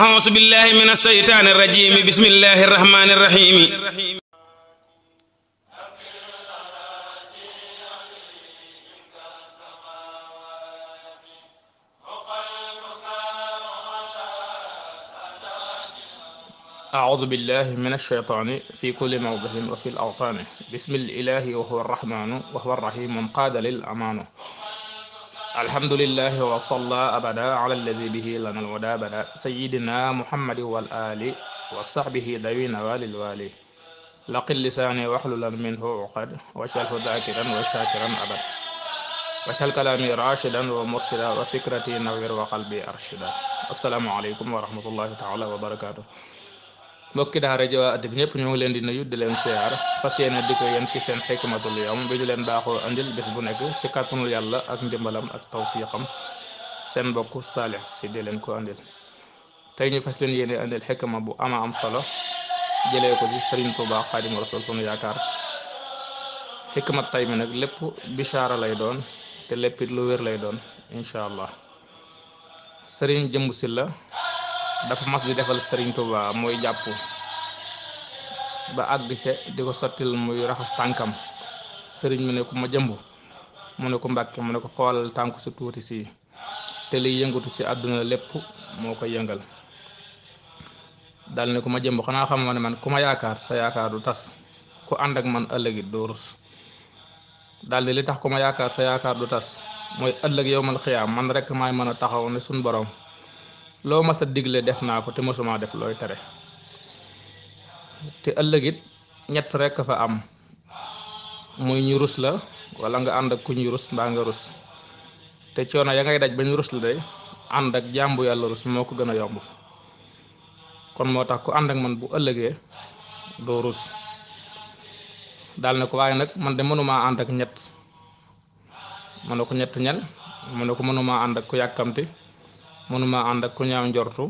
أعوذ بالله من الشيطان الرجيم بسم الله الرحمن الرحيم أعوذ بالله من الشيطان في كل موضع وفي الأوطان بسم الإله وهو الرحمن وهو الرحيم قاد للأمان alhamdulillahi wa salla abada ala alladi bihi lana alwada bada sayidina muhammadi wal ali wa sahbihi dawina walil wali laqil lisani waxlulan minhu uqad wacalhu dakiran wa shakiran abad wacal kalami rashidan wa mursida wa fikrati nawir wa qalbi arshida assalaamu aleykum wa rahmatullahi taala wa barakatuh mbokki daara ji waa at bi ñëpp ñu ngi leen di nuyu di leen siyaar fas yéene di ko yéen ci seen xikmatul yawm bi ñu leen baaxoo andil bés bu nekk ci kàttanul yàlla ak ndimbalam ak tawfiqam seen mbokk saalix si di leen ko andil tey ñu fas leen yéene andil xikma bu ama am solo jëlee ko ci Sëriñ Tuubaa Xaadimu Rasuul sunu yaakaar xikma tay mi nag lépp bishaara lay doon te léppit lu wér lay doon incha allah sëriñ jëmbu si la dafa mas di defal Serigne Touba mooy jàpp ba àgg se di ko sottil muy raxas tànkam sëriñ mu ne ma jëmb mu ne ko Mbàkke mu ne ko xoolal tànk si tuuti si te liy yëngatu ci àdduna lépp moo ko yëngal dal ne ko ma jëmb xanaa xam ne man ku ma yaakaar sa yaakaar du tas ku ànd ak man ëllëgit doo rus li tax ku ma yaakaar sa yaakaar du tas mooy ëllëg yow man xiyaam man rek maay mën a taxaw ne suñ borom loo mas a digle def naa ko te mosuma def looy tere te ëllëg it ñett rekk fa am muy ñu rus la walla nga ànd ak ku ñu rus mbaa nga rus te coono ya ngay daj ba ñu rus la day ànd ak jàmbu yàlla rus moo ko gën a yomb kon moo tax ku ànd ak man bu ëllëgee doo rus daal ne ko waaye nag man de mënumaa ànd ak ñett mu ne ko ñett ñan mu ne ko mënumaa ànd ak ku yàkkamti mënuma ànd ak ku ñaaw njortu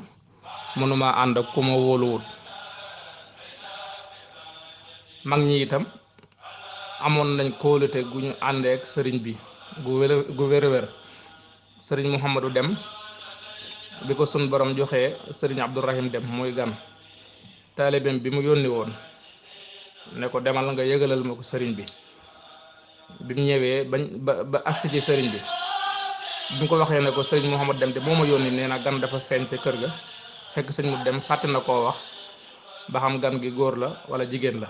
mënuma ànd ak ku ma wóoluwut mag ñi itam amoon nañ kóolute gu ñu àndee ak sëriñ bi gu wér gu wér sëriñ Mouhamadou Dem bi ko sun borom joxe sëriñ Abdourahim Dem muy gan taalibeem bi mu yónni woon ne ko demal nga yëgalal ma ko sëriñ bi bi mu ñëwee bañ ba agsi ci sëriñ bi bi ko waxee ne ko moo Mouhamad dem de moo ma yónni nee na gan dafa feeñ ca kër ga fekk sëñ mu dem fàtte na koo wax ba xam gan gi góor la wala jigéen la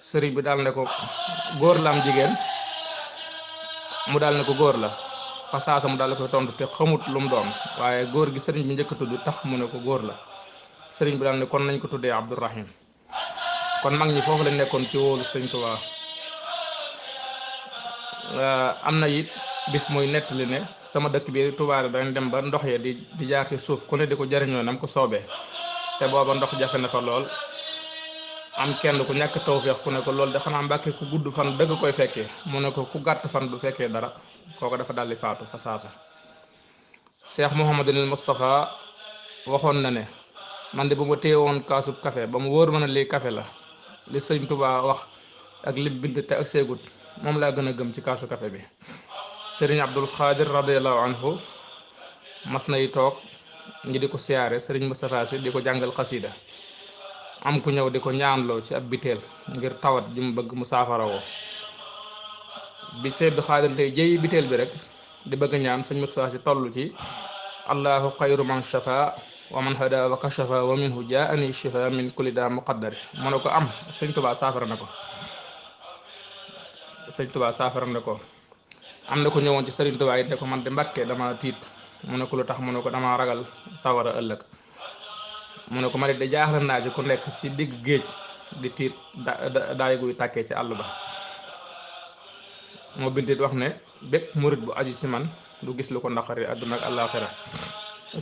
sëriñ bi daal ne ko góor la jigéen mu daal ne ko góor la fa saasa mu daal la tontu te xamut lu mu waaye góor gi sëriñ bi njëkk tudd tax mu ne ko góor la sëriñ bi daal ne kon nañ ko tuddee Abdourahim kon mag ñi foofu lañ nekkoon ci wóolu sëñ Tuubaa am na it bis muy li ne sama dëkk bi Tuubaa la danañ dem ba ndox yee di di jaar ci suuf ku ne di ko jariñoo nam ko soobee te booba ndox jafe na fa lool am kenn ku ñàkk tawfeex ku ne ko loolu de xanaa mbàkke ku gudd fan dëgg koy fekkee mu ne ko ku gàtt fan du fekkee dara kooku dafa daldi faatu fa saasa Cheikh Mouhamadul Moustapha waxoon na ne man de bu ma téye woon kaasub café ba mu wóor ma ne lii kafe la li sëñ tubaa wax ak li bind te ak seegut moom laa gën a gëm ci kaasu café bi sëriñ Abdul Xaadir radiallahu anhu mas nay toog ngi di ko siyaare sëriñ Moustapha Sy ko jàngal xasida am ku ñëw di ko ñaanloo ci ab biteel ngir tawat ji mu bëgg mu saafara woo bi Seydu Xaadir tey jëyi biteel bi rek di bëgg ñaan sëriñ Moustapha Sy toll ci allahu xayru man shafa wa man hada wa kashafa wa minhu jaani shifa min kulli daa muqaddari mu ne ko am sëñ Tubaa saafara na ko sëñ Tubaa saafara na ko am na ko ñëwoon ci Sëriñ Tuubaa ne ko man de Mbàkke dama tiit mu ne ko lu tax mu ne ko dama ragal sawara ëllëg mu ne ko ma de jaaxle naa ku nekk ci digg géej di tiit da daay guy tàkkee ci àll ba moo bintit wax ne bépp murit bu aju ci man du gis lu ko naqari àdduna ak àllaaxira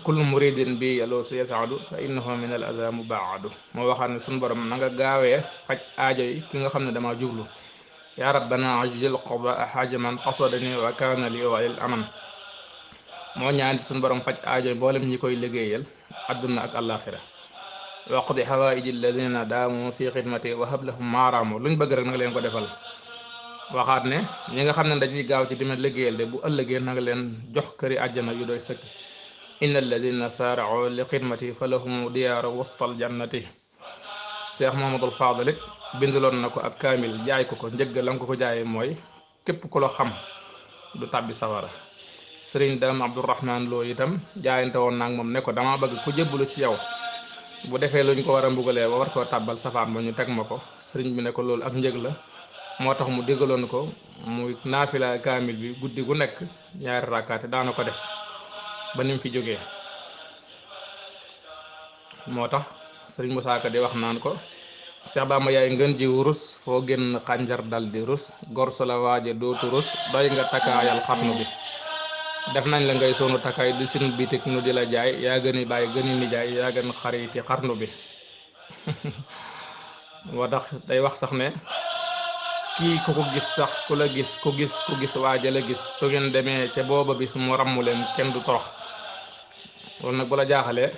kullu muridin bi yàlla su yasaadu fa innahu min al aza mubaadu moo waxaat ne suñu borom na nga gaawee faj aajo yi ki nga xam ne dama jublu yaa rabbana ajjil qada xaaja man qasadani wa kaana li walil aman moo ñaan suñu borom faj aajo boolem ñi koy liggéeyal adduna ak àllaaxira waqdi xawaaiji alladina daamu fi xidmati wa hab lahum maaraamu luñ bëgg rek nanga leen ko defal waxaat ne ñi nga xam ne dañuy gaaw ci dima liggéeyal de bu ëllëgee nanga leen jox këri àjjana yu doy sëkk inna alladina saarao li xidmati fa lahum diyaaru wastal jannati cheikh mahamadul fadilit bindaloon na ko ab kaamil jaay ko ko njëgg la ko ko jaayee mooy képp ku la xam du tàbbi sawara sëriñ daam abdourahman lool itam jaayante woon naag moom ne ko dama bëgg ku jébbalu ci yow bu defee lu ñu ko war a mbugalee ba war koo tàbbal safaan ba ñu teg ma ko sëriñ bi ne ko loolu ak njëg la moo tax mu digaloon ko muy naafila kaamil bi guddi gu nekk ñaari rakkaate daana ko def ba ni fi jógee moo tax sëriñ Musaa Ka di wax naan ko Cheikh Bamba yaay ngeen jiw rus foo génn xànjar dal di rus gorsu la waaje dootu rus doy nga takkaayal xarnu bi def nañ la ngay sonu takkaay di suñu bitik nu di la jaay yaa gën i bàyyi gën i nijaay yaa gën xariti xarnu bi moo tax day wax sax ne kii ku ko gis sax ku la gis ku gis ku gis waaje la gis su ngeen demee ci booba bi su mu ràmmu leen kenn du torox loolu nag bu la jaaxalee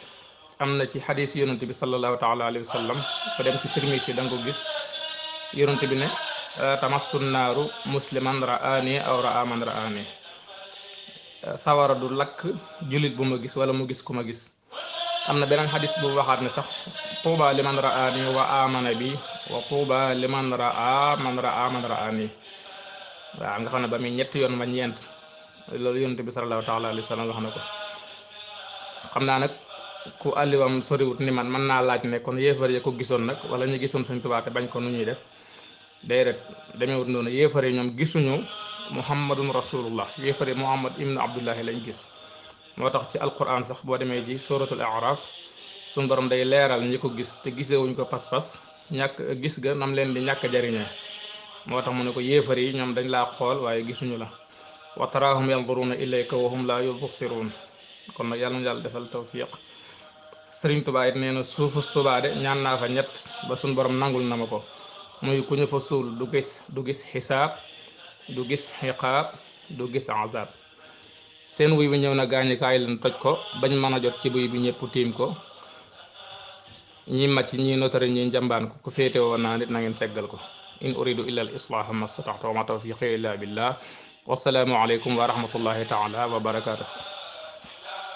am na ci xadis yonent bi sallallahu taala alayhi wa sallam ko dem ci Tirmisi da nga ko gis yonent bi ne tamassu naaru musliman raani aw raa raani sawara du lakk julit bu ma gis wala mu gis ku ma gis am na beneen xadis bu waxaat ne sax tuuba liman raani wa amana bi wa tuuba liman raa man raani waaw nga xam ne ba muy ñetti yoon ma ñeent loolu yonent bi sallallahu taala wa sallam wax na ko xam naa nag ku alliwam soriwut ni man mën naa laaj ne kon yéefar ya ko gisoon nag wala ñu gisoon Sëñ Tuubaa te bañ ko nu ñuy def day rek demeewut noonu yéefar yi ñoom gisuñu muhammadun rasulullah yéefar yi muhammad ibnu abdullahi lañ gis moo tax ci alquran sax boo demee ji suratul araf suñu borom day leeral ñi ko gis te gisewuñ ko pas-pas ñàkk gis ga leen di ñàkk jariñee moo tax mu ne ko yéefar yi ñoom dañ laa xool waaye gisuñu la wa taraahum yanduruuna ilayka wa hum laa yubsiruun kon nag yàlla na yàlla defal tawfiq sëriñ tubaa it nee na suufu subaade ñaan naa fa ñett ba suñ borom nangul na ma ko muy ku ñu fa suul du gis du gis xisaab du gis xiqaab du gis azab seen wuy bi ñëw na gaañi kaay leen toj ko bañ mën a jot ci buy bi ñëpp tiim ko ñi màcc ñi notari ñi njambaan ko ku féete woon naa na ngeen seggal ko in uridu illa al ma stataxtu wa ma tawfiqi illa billah wasalaamu aleykum wa rahmatullahi taala wa